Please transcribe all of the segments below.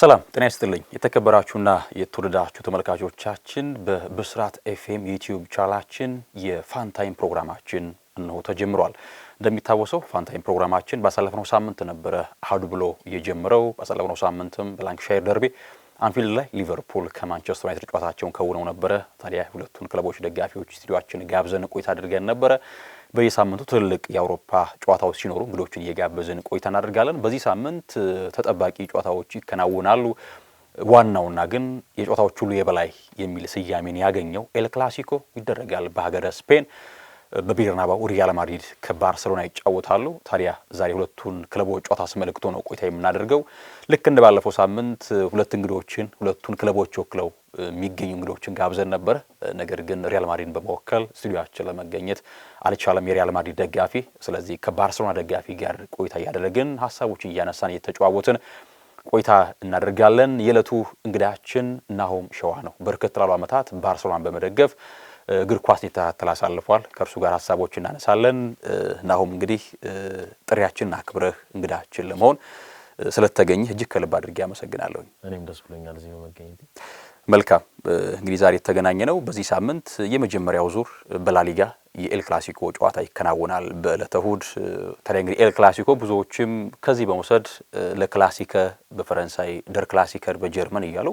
ሰላም ጤና ይስጥልኝ። የተከበራችሁና የተወደዳችሁ ተመልካቾቻችን በብስራት ኤፍኤም ዩቲዩብ ቻናላችን የፋንታይም ፕሮግራማችን እነሆ ተጀምሯል። እንደሚታወሰው ፋንታይም ፕሮግራማችን ባሳለፍነው ሳምንት ነበረ አህዱ ብሎ የጀመረው። ባሳለፍነው ሳምንትም በላንክሻየር ደርቤ አንፊልድ ላይ ሊቨርፑል ከማንቸስተር ዩናይትድ ጨዋታቸውን ከውነው ነበረ። ታዲያ ሁለቱን ክለቦች ደጋፊዎች ስቱዲዮችን ጋብዘን ቆይታ አድርገን ነበረ። በየሳምንቱ ትልልቅ የአውሮፓ ጨዋታዎች ሲኖሩ እንግዶችን እየጋበዝን ቆይታ እናደርጋለን። በዚህ ሳምንት ተጠባቂ ጨዋታዎች ይከናወናሉ። ዋናውና ግን የጨዋታዎች ሁሉ የበላይ የሚል ስያሜን ያገኘው ኤል ክላሲኮ ይደረጋል በሀገረ ስፔን። በቢርናባ ሪያል ማድሪድ ከባርሰሎና ይጫወታሉ። ታዲያ ዛሬ ሁለቱን ክለቦች ጨዋታ አስመልክቶ ነው ቆይታ የምናደርገው። ልክ እንደ ባለፈው ሳምንት ሁለት እንግዶችን ሁለቱን ክለቦች ወክለው የሚገኙ እንግዶችን ጋብዘን ነበር ነገር ግን ሪያል ማድሪድን በመወከል ስቱዲዮችን ለመገኘት አልቻለም የሪያል ማድሪድ ደጋፊ። ስለዚህ ከባርሰሎና ደጋፊ ጋር ቆይታ እያደረግን ሀሳቦችን እያነሳን እየተጨዋወትን ቆይታ እናደርጋለን። የዕለቱ እንግዳችን ናሆም ሸዋ ነው። በርከት ላሉ ዓመታት ባርሰሎናን በመደገፍ እግር ኳስ ይተታተል አሳልፏል። ከእርሱ ጋር ሀሳቦች እናነሳለን። ናሁም እንግዲህ ጥሪያችን አክብረህ እንግዳችን ለመሆን ስለተገኘህ እጅግ ከልብ አድርጌ አመሰግናለሁኝ። እኔም ደስ ብሎኛል እዚህ በመገኘቴ። መልካም እንግዲህ ዛሬ የተገናኘ ነው። በዚህ ሳምንት የመጀመሪያው ዙር በላሊጋ የኤል ክላሲኮ ጨዋታ ይከናወናል በዕለተ እሁድ። ታዲያ እንግዲህ ኤል ክላሲኮ ብዙዎችም ከዚህ በመውሰድ ለክላሲከ በፈረንሳይ ደር ክላሲከር በጀርመን እያሉ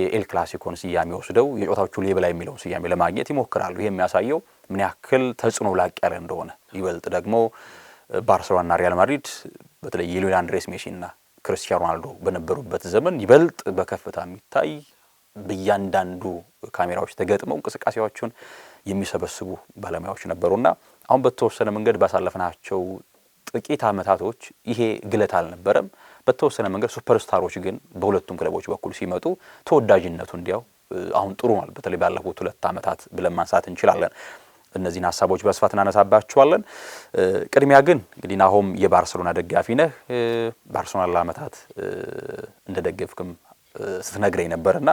የኤል ክላሲኮን ስያሜ ወስደው የጮታዎቹ ሌበላ የሚለውን ስያሜ ለማግኘት ይሞክራሉ። ይህ የሚያሳየው ምን ያክል ተጽዕኖ ላቅ ያለ እንደሆነ ይበልጥ ደግሞ ባርሰሎናና ሪያል ማድሪድ በተለይ የሊዮኔል አንድሬስ ሜሲና ክርስቲያኖ ሮናልዶ በነበሩበት ዘመን ይበልጥ በከፍታ የሚታይ በእያንዳንዱ ካሜራዎች ተገጥመው እንቅስቃሴዎቹን የሚሰበስቡ ባለሙያዎች ነበሩና አሁን በተወሰነ መንገድ ባሳለፍናቸው ጥቂት ዓመታቶች ይሄ ግለት አልነበረም። በተወሰነ መንገድ ሱፐርስታሮች ግን በሁለቱም ክለቦች በኩል ሲመጡ ተወዳጅነቱ እንዲያው አሁን ጥሩ ነው። በተለይ ባለፉት ሁለት ዓመታት ብለን ማንሳት እንችላለን። እነዚህን ሀሳቦች በስፋት እናነሳባቸዋለን። ቅድሚያ ግን እንግዲህ ናሆም የባርሰሎና ደጋፊ ነህ። ባርሰሎና ለዓመታት እንደ ደገፍክም ስትነግረኝ ነበርና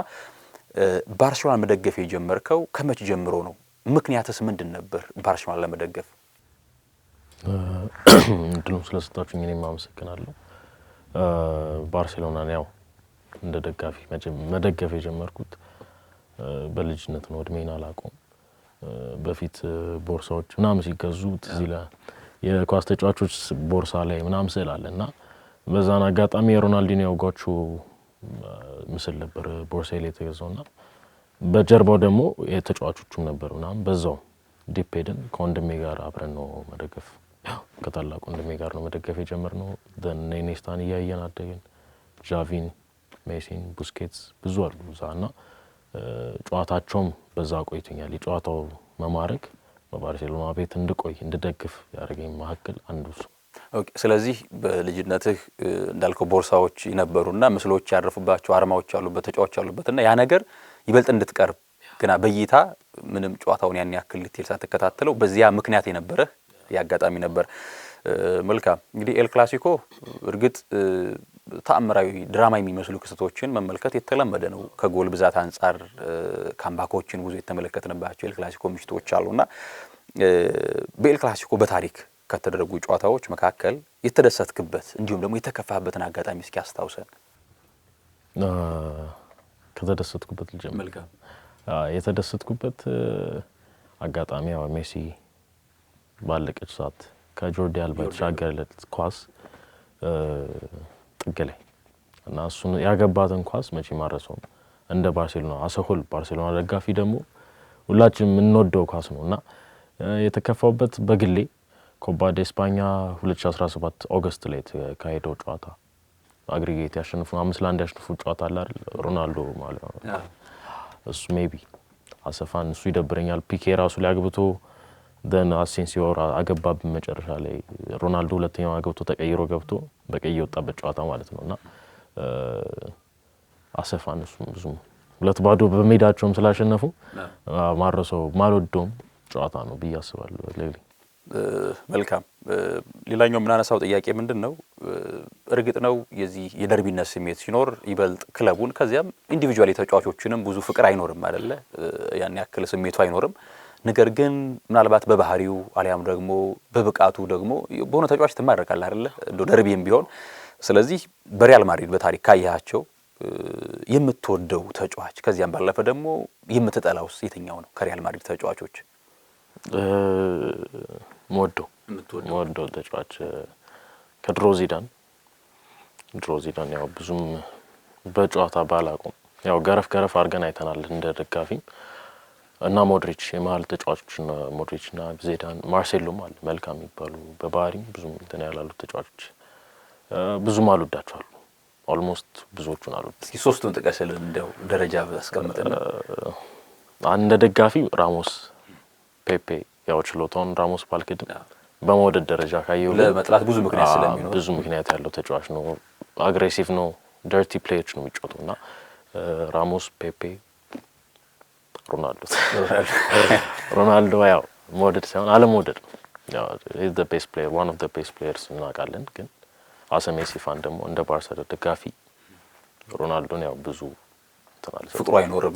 ባርሴሎና መደገፍ የጀመርከው ከመች ጀምሮ ነው? ምክንያትስ ምንድን ነበር ባርሴሎና ለመደገፍ? እድሉም ስለሰጣችሁኝ እኔም አመሰግናለሁ። ባርሴሎናን ያው እንደ ደጋፊ መደገፍ የጀመርኩት በልጅነት ነው። እድሜን አላቆም በፊት ቦርሳዎች ምናምን ሲገዙ ትዝ ይላል የኳስ ተጫዋቾች ቦርሳ ላይ ምናምን ስዕል አለ እና በዛን አጋጣሚ የሮናልዲኖ ያውጓቹ ምስል ነበር ቦርሳ ላይ የተገዛው እና በጀርባው ደግሞ የተጫዋቾቹም ነበር ምናምን በዛው ዲፔድን ከወንድሜ ጋር አብረን ነው መደገፍ ከታላቅ ወንድሜ ጋር ነው መደገፍ የጀመርነው። ኔኔስታን እያየን አደግን። ዣቪን፣ ሜሲን፣ ቡስኬትስ ብዙ አሉ እዛ እና ጨዋታቸውም በዛ ቆይቶኛል። የጨዋታው መማረግ በባርሴሎና ቤት እንድቆይ እንድደግፍ ያደረገኝ መካከል አንዱ እሱ። ስለዚህ በልጅነትህ እንዳልከው ቦርሳዎች ነበሩና ምስሎች ያረፉባቸው አርማዎች ያሉበት ተጫዋች እና ያ ነገር ይበልጥ እንድትቀርብ ግና በእይታ ምንም ጨዋታውን ያን ያክል ልትል ሳትከታተለው በዚያ ምክንያት የነበረህ ያጋጣሚ ነበር። መልካም እንግዲህ ኤል ክላሲኮ እርግጥ ተአምራዊ ድራማ የሚመስሉ ክስተቶችን መመልከት የተለመደ ነው። ከጎል ብዛት አንጻር ካምባኮችን ብዙ የተመለከትንባቸው ኤል ክላሲኮ ምሽቶች አሉና በኤል ክላሲኮ በታሪክ ከተደረጉ ጨዋታዎች መካከል የተደሰትክበት እንዲሁም ደግሞ የተከፋበትን አጋጣሚ እስኪ አስታውሰን። ከተደሰትኩበት ልጀምር። የተደሰትኩበት አጋጣሚ ያው ሜሲ ባለቀች ሰዓት ከጆርዲ አልባ የተሻገረለት ኳስ ጥግ ላይ እና እሱን ያገባትን ኳስ መቼ ማረሰውም እንደ ባርሴሎና አሰሆል ባርሴሎና ደጋፊ ደግሞ ሁላችን የምንወደው ኳስ ነው እና የተከፋውበት በግሌ ኮባ ደ ስፓኛ 2017 ኦገስት ላይ የተካሄደው ጨዋታ አግሪጌት ያሸንፉ አምስት ለአንድ ያሸንፉ ጨዋታ አለ አይደል? ሮናልዶ ማለት ነው። እሱ ሜቢ አሰፋን እሱ ይደብረኛል። ፒኬ ራሱ ሊያግብቶ ደን አሴንሲዮ አገባብ መጨረሻ ላይ ሮናልዶ ሁለተኛው ገብቶ ተቀይሮ ገብቶ በቀይ የወጣበት ጨዋታ ማለት ነው እና አሰፋን እሱም ብዙም ሁለት ባዶ በሜዳቸውም ስላሸነፉ ማረሰው ማልወደውም ጨዋታ ነው ብዬ አስባለሁ። ሌሊ መልካም። ሌላኛው የምናነሳው ጥያቄ ምንድን ነው? እርግጥ ነው የዚህ የደርቢነት ስሜት ሲኖር ይበልጥ ክለቡን ከዚያም ኢንዲቪጁዋል ተጫዋቾችንም ብዙ ፍቅር አይኖርም አይደለ? ያን ያክል ስሜቱ አይኖርም። ነገር ግን ምናልባት በባህሪው አሊያም ደግሞ በብቃቱ ደግሞ በሆነ ተጫዋች ትማረካል አይደለ እንደ ደርቢም ቢሆን። ስለዚህ በሪያል ማድሪድ በታሪክ ካያቸው የምትወደው ተጫዋች ከዚያም ባለፈ ደግሞ የምትጠላውስ የትኛው ነው? ከሪያል ማድሪድ ተጫዋቾች መወደው መወደው ተጫዋች ከድሮ ዚዳን ድሮ ዚዳን ያው ብዙም በጨዋታ ባላቁም ያው ገረፍ ገረፍ አድርገን አይተናል እንደ ደጋፊም እና ሞድሪች የመሀል ተጫዋቾች ሞድሪች ና ዜዳን ማርሴሎም አለ መልካም የሚባሉ በባህሪም ብዙም እንትን ያላሉ ተጫዋቾች ብዙም አልወዳቸዋሉ። ኦልሞስት ብዙዎቹን አልወድ። እስኪ ሶስቱን ጥቀስልን እንደው ደረጃ አስቀምጥና እንደ ደጋፊ ራሞስ፣ ፔፔ ያው ችሎታውን ራሞስ ባልክድም በመውደድ ደረጃ ካየው ለመጥላት ብዙ ምክንያት ስለሚኖር ብዙ ምክንያት ያለው ተጫዋች ነው። አግሬሲቭ ነው፣ ደርቲ ፕሌዮች ነው የሚጫወተው እና ራሞስ ፔፔ ሮናልዶ ሮናልዶ ያው መውደድ ሳይሆን አለመውደድ ነው። ቤስት ፕሌየር ዋን ኦፍ ዘ ቤስት ፕሌየርስ እናውቃለን። ግን አሰ ሜሲ ፋን ደግሞ እንደ ባርሳ ደጋፊ ሮናልዶን ያው ብዙ ፍቅሩ አይኖርም።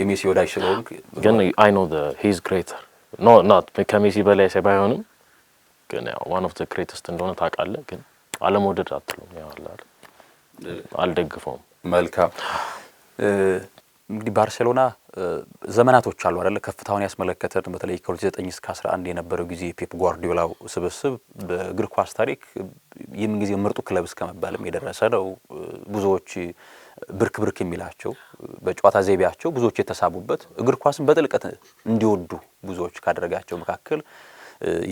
የሜሲ ወዳጅ ስለሆንክ ግን አይ ኖ ሂዝ ግሬተር ኖ ናት ከሜሲ በላይ ሳይ ባይሆንም ግን ያው ዋን ኦፍ ዘ ግሬተስት እንደሆነ ታውቃለህ። ግን አለመውደድ አትሉም ያው አልደግፈውም። መልካም እንግዲህ ባርሴሎና ዘመናቶች አሉ አይደለ? ከፍታውን ያስመለከተን በተለይ ከ2009 እስከ 11 የነበረው ጊዜ የፔፕ ጓርዲዮላው ስብስብ በእግር ኳስ ታሪክ ይህን ጊዜ ምርጡ ክለብ እስከመባልም የደረሰ ነው። ብዙዎች ብርክ ብርክ የሚላቸው በጨዋታ ዘይቤያቸው ብዙዎች የተሳቡበት እግር ኳስን በጥልቀት እንዲወዱ ብዙዎች ካደረጋቸው መካከል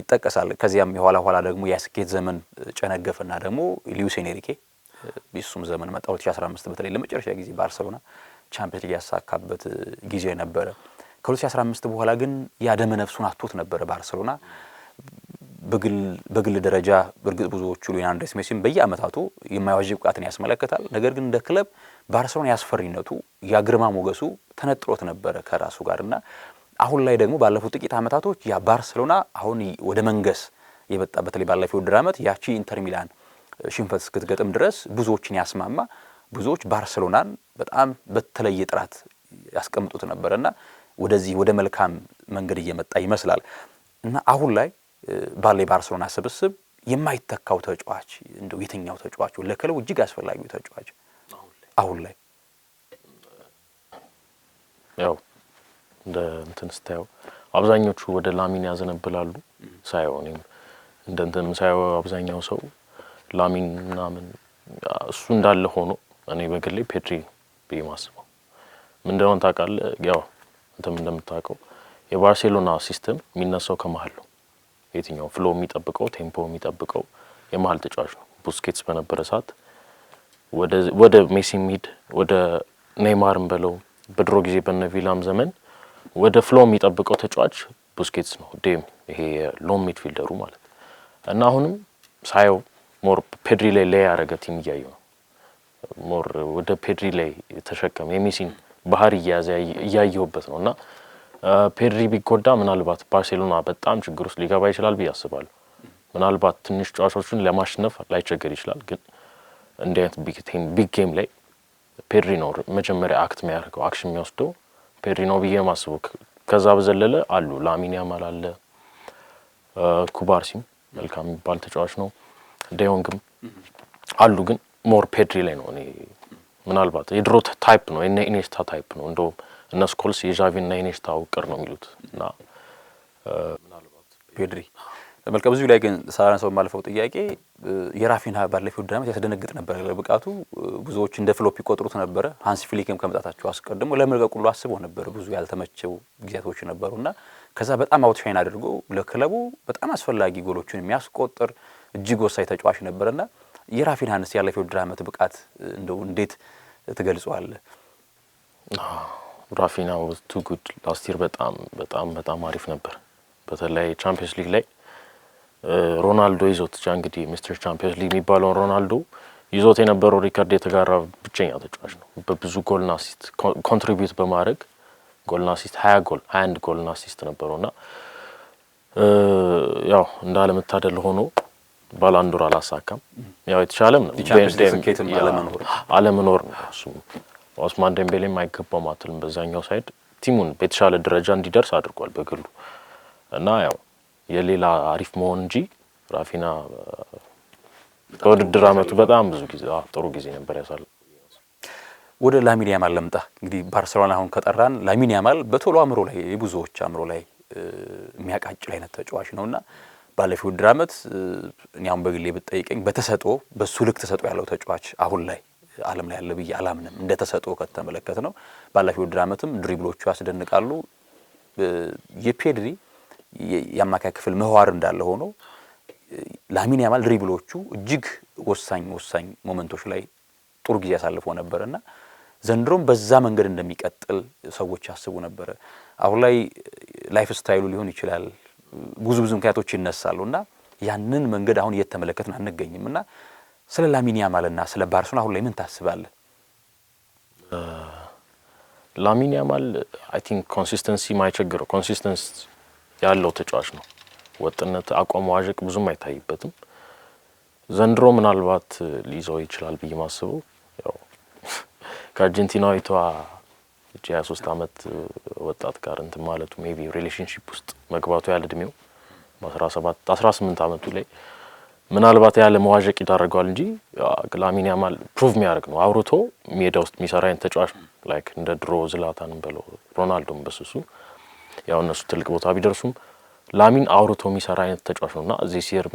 ይጠቀሳል። ከዚያም የኋላ ኋላ ደግሞ የስኬት ዘመን ጨነገፍና ደግሞ ሉዊስ ኤንሪኬ የሱም ዘመን መጣ 2015 በተለይ ለመጨረሻ ጊዜ ባርሰሎና ቻምፒየንስ ሊግ ያሳካበት ጊዜ ነበረ። ከ2015 በኋላ ግን ያ ደመ ነፍሱን አጥቶት ነበረ ባርሴሎና በግል ደረጃ በእርግጥ ብዙዎቹ አንድሬስ ሜሲን በየአመታቱ የማይዋዥቅ ብቃትን ያስመለከታል። ነገር ግን እንደ ክለብ ባርሰሎና ያስፈሪነቱ ያ ግርማ ሞገሱ ተነጥሮት ነበረ ከራሱ ጋር እና አሁን ላይ ደግሞ ባለፉት ጥቂት አመታቶች ያ ባርሰሎና አሁን ወደ መንገስ የመጣ በተለይ ባለፈው ውድድር አመት ያቺ ኢንተር ሚላን ሽንፈት እስክትገጥም ድረስ ብዙዎችን ያስማማ ብዙዎች ባርሴሎናን በጣም በተለየ ጥራት ያስቀምጡት ነበረ እና ወደዚህ ወደ መልካም መንገድ እየመጣ ይመስላል እና አሁን ላይ ባለ የባርሴሎና ስብስብ የማይተካው ተጫዋች እንደው የትኛው ተጫዋች ለክለቡ እጅግ አስፈላጊው ተጫዋች አሁን ላይ ያው እንደ እንትን ስታየው አብዛኞቹ ወደ ላሚን ያዘነብላሉ ሳየው እኔም እንደ እንትን ሳየው አብዛኛው ሰው ላሚን ምናምን እሱ እንዳለ ሆኖ እኔ በግሌ ፔድሪ ብዬ ማስበው ምንድነው ታውቃለህ፣ ያው እንትም እንደምታውቀው የባርሴሎና ሲስተም የሚነሳው ከመሀል ነው። የትኛው ፍሎ የሚጠብቀው ቴምፖ የሚጠብቀው የመሀል ተጫዋች ነው። ቡስኬትስ በነበረ ሰዓት ወደ ሜሲ ሚድ ወደ ኔይማርም በለው በድሮ ጊዜ በነ ቪላም ዘመን ወደ ፍሎ የሚጠብቀው ተጫዋች ቡስኬትስ ነው። ዴም ይሄ ሎንግ ሚድፊልደሩ ማለት እና አሁንም ሳየው ሞር ፔድሪ ላይ ላይ ያደረገ ቲም እያየው ነው ሞር ወደ ፔድሪ ላይ የተሸከመ የሜሲን ባህር እየያዘ እያየሁበት ነው እና ፔድሪ ቢጎዳ ምናልባት ባርሴሎና በጣም ችግር ውስጥ ሊገባ ይችላል ብዬ አስባለሁ። ምናልባት ትንሽ ጨዋቾችን ለማሸነፍ ላይቸገር ይችላል፣ ግን እንዲህ አይነት ቢግ ጌም ላይ ፔድሪ ነው መጀመሪያ አክት የሚያደርገው አክሽን የሚወስደው ፔድሪ ነው ብዬ ማስቡ። ከዛ በዘለለ አሉ ላሚን ያማል አለ፣ ኩባርሲም መልካም የሚባል ተጫዋች ነው፣ ደዮንግም አሉ ግን ሞር ፔድሪ ላይ ነው እኔ ምናልባት የድሮ ታይፕ ነው ኢኔስታ ታይፕ ነው። እንደውም እነ ስኮልስ የዣቪ እና ኢኔስታ ውቅር ነው የሚሉት እና ምናልባት ፔድሪ መልካም። ብዙ ላይ ግን ሳላነሳው የማልፈው ጥያቄ የራፊና ባለፈው ዓመት ያስደነግጥ ነበር ብቃቱ። ብዙዎች እንደ ፍሎፕ ይቆጥሩት ነበረ። ሀንስ ፊሊክም ከመጣታቸው አስቀድሞ ለመልቀቅ ሁሉ አስበው ነበር። ብዙ ያልተመቸው ጊዜያቶች እና ከዛ በጣም አውትሻይን አድርጎ ለክለቡ በጣም አስፈላጊ ጎሎችን የሚያስቆጥር እጅግ ወሳኝ ተጫዋች ና የራፊንሃንስ ያለፈው የውድድር ዓመት ብቃት እንደው እንዴት ትገልጸዋለህ? ራፊና ወዝ ቱ ጉድ ላስት ይር በጣም በጣም በጣም አሪፍ ነበር። በተለይ ቻምፒዮንስ ሊግ ላይ ሮናልዶ ይዞት ቻ እንግዲህ ሚስተር ቻምፒዮንስ ሊግ የሚባለውን ሮናልዶ ይዞት የነበረው ሪከርድ የተጋራ ብቸኛ ተጫዋች ነው። በብዙ ጎልና አሲስት ኮንትሪቢዩት በማድረግ ጎልና አሲስት ሀያ ጎል ሀያ አንድ ጎልና አሲስት ነበረው እና ያው እንዳለመታደል ሆኖ ባላንዶር አላሳካም። ያው የተሻለም ነው አለመኖር ነው ኦስማን ደምቤሌ የማይገባው አትልም በዛኛው ሳይድ ቲሙን በተሻለ ደረጃ እንዲደርስ አድርጓል በግሉ እና ያው የሌላ አሪፍ መሆን እንጂ ራፊና በውድድር አመቱ በጣም ብዙ ጊዜ ጥሩ ጊዜ ነበር ያሳለ። ወደ ላሚን ያማል ለምጣ እንግዲህ ባርሴሎና አሁን ከጠራን ላሚን ያማል በቶሎ አእምሮ ላይ የብዙዎች አእምሮ ላይ የሚያቃጭል አይነት ተጫዋች ነውና ባለፈው ውድድር ዓመት እኔ አሁን በግሌ ብትጠይቀኝ በሱ ልክ ተሰጦ ያለው ተጫዋች አሁን ላይ ዓለም ላይ ያለ ብዬ አላምንም። እንደ ተሰጦ ከተመለከት ነው ባለፈው ውድድር ዓመትም ድሪብሎቹ ያስደንቃሉ። የፔድሪ የአማካይ ክፍል መዋር እንዳለ ሆኖ ላሚን ያማል ድሪብሎቹ እጅግ ወሳኝ ወሳኝ ሞመንቶች ላይ ጥሩ ጊዜ ያሳልፎ እና ዘንድሮም በዛ መንገድ እንደሚቀጥል ሰዎች ያስቡ ነበረ። አሁን ላይ ላይፍ ስታይሉ ሊሆን ይችላል ብዙ ብዙ ምክንያቶች ይነሳሉ እና ያንን መንገድ አሁን እየተመለከትን አንገኝም እና ስለ ላሚን ያማልና ስለ ባርሶን አሁን ላይ ምን ታስባለህ? ላሚን ያማል አይ ቲንክ ኮንሲስተንሲ ማይቸግረው ኮንሲስተንስ ያለው ተጫዋች ነው። ወጥነት፣ አቋም መዋዠቅ ብዙም አይታይበትም። ዘንድሮ ምናልባት ሊይዘው ይችላል ብዬ ማስበው ያው ከአርጀንቲናዊቷ ልጅ የ23 ዓመት ወጣት ጋር እንትን ማለቱ ቢ ሪሌሽንሽፕ ውስጥ መግባቱ ያለ እድሜው በ17 18 ዓመቱ ላይ ምናልባት ያለ መዋዠቅ ይዳረገዋል እንጂ ላሚን ያማል ፕሩቭ የሚያደርግ ነው። አውርቶ ሜዳ ውስጥ የሚሰራ አይነት ተጫዋች ላይክ እንደ ድሮ ዝላታን በለው ሮናልዶም በስሱ ያው እነሱ ትልቅ ቦታ ቢደርሱም ላሚን አውርቶ የሚሰራ አይነት ተጫዋች ነው እና እዚህ ሲር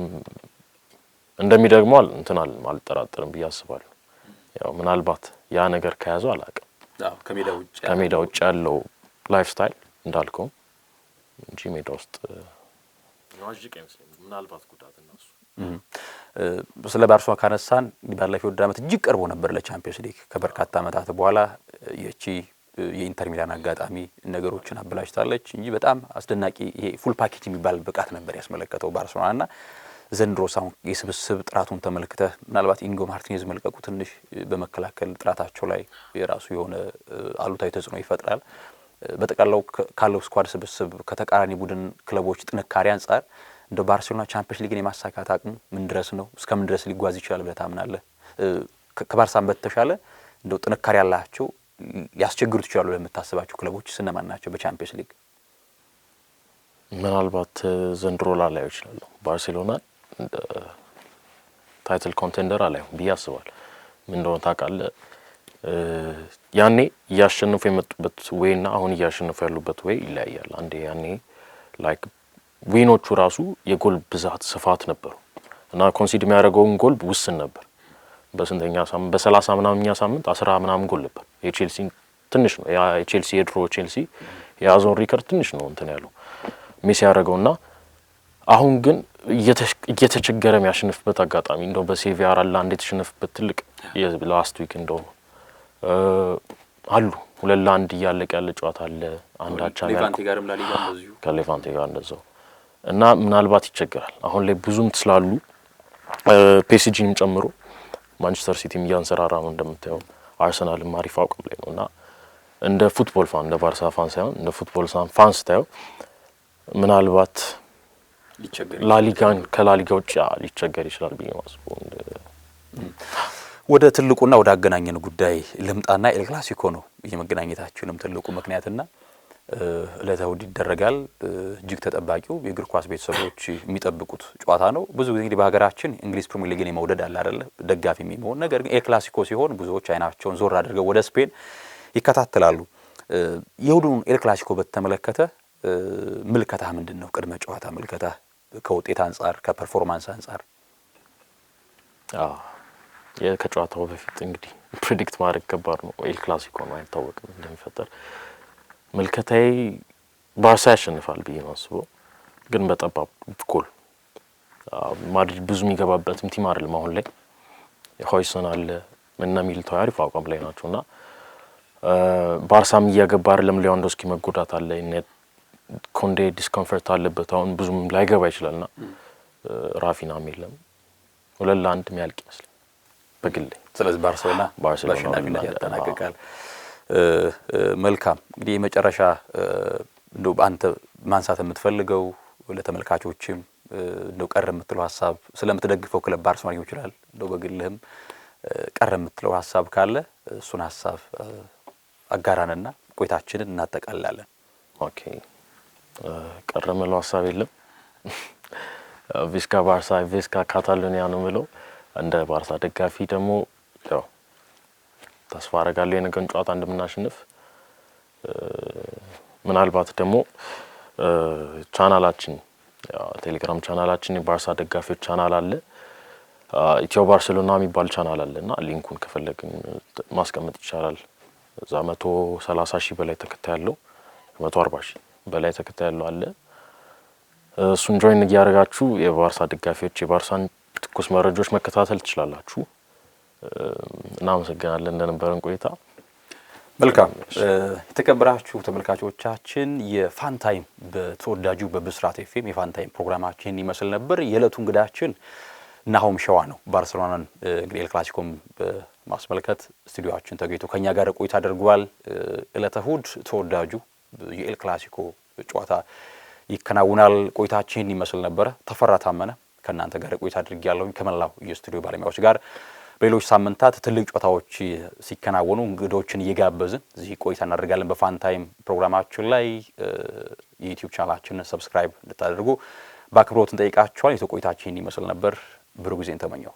እንደሚደግመው እንትን አልጠራጠርም ብዬ አስባለሁ። ያው ምናልባት ያ ነገር ከያዘው አላቅም ከሜዳ ውጭ ያለው ላይፍ ስታይል እንዳልከው እንጂ ሜዳ ውስጥ ስለ ባርሷ ካነሳን ባለፈው ወደ ዓመት እጅግ ቀርቦ ነበር ለቻምፒዮንስ ሊግ። ከበርካታ ዓመታት በኋላ የቺ የኢንተር ሚላን አጋጣሚ ነገሮችን አብላሽታለች እንጂ በጣም አስደናቂ ይሄ ፉል ፓኬጅ የሚባል ብቃት ነበር ያስመለከተው ባርሴሎና ና ዘንድሮ ሳሁን የስብስብ ጥራቱን ተመልክተህ ምናልባት ኢንጎ ማርቲኔዝ መልቀቁ ትንሽ በመከላከል ጥራታቸው ላይ የራሱ የሆነ አሉታዊ ተጽዕኖ ይፈጥራል። በጠቃላው ካለው ስኳድ ስብስብ ከተቃራኒ ቡድን ክለቦች ጥንካሬ አንጻር እንደ ባርሴሎና ቻምፒየንስ ሊግን የማሳካት አቅሙ ምን ድረስ ነው? ምን ድረስ ሊጓዝ ይችላል ብለህ ታምናለህ? በተሻለ እንደው ጥንካሬ ያላቸው ሊያስቸግሩት ይችላሉ ለምታስባቸው ክለቦች ስነማን ናቸው በቻምፒየንስ ሊግ? ምናልባት ዘንድሮ ላላዩ ይችላለሁ ባርሴሎና ታይትል ኮንቴንደር አላየሁም ብዬ አስባል። ምን እንደሆነ ታውቃለህ? ያኔ እያሸነፉ የመጡበት ዌይ እና አሁን እያሸነፉ ያሉበት ዌይ ይለያያል። አንዴ ያኔ ላይክ ዊኖቹ ራሱ የጎል ብዛት ስፋት ነበሩ እና ኮንሲድ የሚያደርገውን ጎል ውስን ነበር። በስንተኛ ሳምንት በሰላሳ ምናምኛ ሳምንት አስራ ምናምን ጎል ነበር። የቼልሲ ትንሽ ነው የቼልሲ የድሮ ቼልሲ የያዘውን ሪከርድ ትንሽ ነው እንትን ያለው ሚስ ያደረገው እና አሁን ግን እየተቸገረ የሚያሸንፍበት አጋጣሚ እንደ በሴቪያ አራት ለአንድ የተሸነፍበት ትልቅ ላስት ዊክ እንደ አሉ ሁለት ለአንድ እያለቀ ያለ ጨዋታ አለ። አንድ ከሌቫንቴ ጋር እንደዛው እና ምናልባት ይቸገራል። አሁን ላይ ብዙም ስላሉ ፔሲጂንም ጨምሮ ማንቸስተር ሲቲም እያንሰራራ ነው እንደምታየው፣ አርሰናልም አሪፍ አውቅም ላይ ነው እና እንደ ፉትቦል ፋን እንደ ባርሳ ፋን ሳይሆን እንደ ፉትቦል ፋን ስታየው ምናልባት ላሊጋን ከላሊጋ ውጭ ሊቸገር ይችላል ብዬ ማስቡ። ወደ ትልቁና ወደ አገናኘን ጉዳይ ልምጣና ኤል ክላሲኮ ነው የመገናኘታችሁንም ትልቁ ምክንያትና ዕለተ እሁድ ይደረጋል። እጅግ ተጠባቂው የእግር ኳስ ቤተሰቦች የሚጠብቁት ጨዋታ ነው። ብዙ ጊዜ እንግዲህ በሀገራችን እንግሊዝ ፕሪሚየር ሊግን የመውደድ አለ አደለ ደጋፊ የሚሆን ነገር ግን ኤልክላሲኮ ሲሆን ብዙዎች አይናቸውን ዞር አድርገው ወደ ስፔን ይከታተላሉ። የእሁዱን ኤልክላሲኮ በተመለከተ ምልከታ ምንድን ነው? ቅድመ ጨዋታ ምልከታ ከውጤት አንጻር ከፐርፎርማንስ አንጻር ከጨዋታው በፊት እንግዲህ ፕሬዲክት ማድረግ ከባድ ነው። ኤል ክላሲኮ ነው፣ አይታወቅም እንደሚፈጠር ምልከታዬ ባርሳ ያሸንፋል ብዬ ነው ማስበው ግን በጠባብ ጎል ማድሪድ ብዙ የሚገባበትም ቲም አይደለም። አሁን ላይ ሆይሰን አለ እና ሚልቶ አሪፍ አቋም ላይ ናቸው እና ባርሳም እያገባ አይደለም። ሌዋንዶስኪ መጎዳት አለ ኔት ኮንዴ ዲስኮንፈርት አለበት። አሁን ብዙም ላይገባ ይችላል ና ራፊናም የለም ሁለት ለአንድ የሚያልቅ ይመስል በግሌ። ስለዚህ ባርሴሎና ባርሴሎና ያጠናቅቃል። መልካም እንግዲህ የመጨረሻ እንደ አንተ ማንሳት የምትፈልገው ለተመልካቾችም እንደ ቀር የምትለው ሀሳብ ስለምትደግፈው ክለብ ባርሴሎና ሊሆን ይችላል እንደ በግልህም ቀር የምትለው ሀሳብ ካለ እሱን ሀሳብ አጋራንና ቆይታችንን እናጠቃላለን ኦኬ ቀረ ምለው ሀሳብ የለም። ቪስካ ባርሳ ቪስካ ካታሎኒያ ነው ምለው። እንደ ባርሳ ደጋፊ ደግሞ ያው ተስፋ አረጋለሁ የነገን ጨዋታ እንደምናሸንፍ። ምናልባት ደግሞ ቻናላችን ቴሌግራም ቻናላችን የባርሳ ደጋፊዎች ቻናል አለ፣ ኢትዮ ባርሴሎና የሚባል ቻናል አለ እና ሊንኩን ከፈለግን ማስቀመጥ ይቻላል። እዛ መቶ ሰላሳ ሺህ በላይ ተከታይ ያለው መቶ አርባ ሺህ በላይ ተከታይ ያለው አለ። እሱን ጆይን እያደረጋችሁ የባርሳ ደጋፊዎች የባርሳን ትኩስ መረጃዎች መከታተል ትችላላችሁ። እናመሰግናለን እንደነበረን ቆይታ። መልካም የተከበራችሁ ተመልካቾቻችን፣ የፋንታይም በተወዳጁ በብስራት ኤፍኤም የፋንታይም ፕሮግራማችን ይመስል ነበር። የዕለቱ እንግዳችን ናሆም ሸዋ ነው። ባርሴሎናን እንግዲህ ኤልክላሲኮም በማስመልከት ስቱዲዮችን ተገኝቶ ከእኛ ጋር ቆይታ አድርጓል። ዕለተ እሁድ ተወዳጁ የኤል ክላሲኮ ጨዋታ ይከናውናል። ቆይታችን ይመስል ነበረ። ተፈራ ታመነ ከእናንተ ጋር ቆይታ አድርጌ ያለሁኝ ከመላው የስቱዲዮ ባለሙያዎች ጋር በሌሎች ሳምንታት ትልቅ ጨዋታዎች ሲከናወኑ እንግዶችን እየጋበዝን እዚህ ቆይታ እናደርጋለን። በፋንታይም ፕሮግራማችን ላይ የዩትዩብ ቻናላችንን ሰብስክራይብ እንድታደርጉ በአክብሮት እንጠይቃችኋል። የቶ ቆይታችን ይመስል ነበር። ብሩ ጊዜን ተመኘው።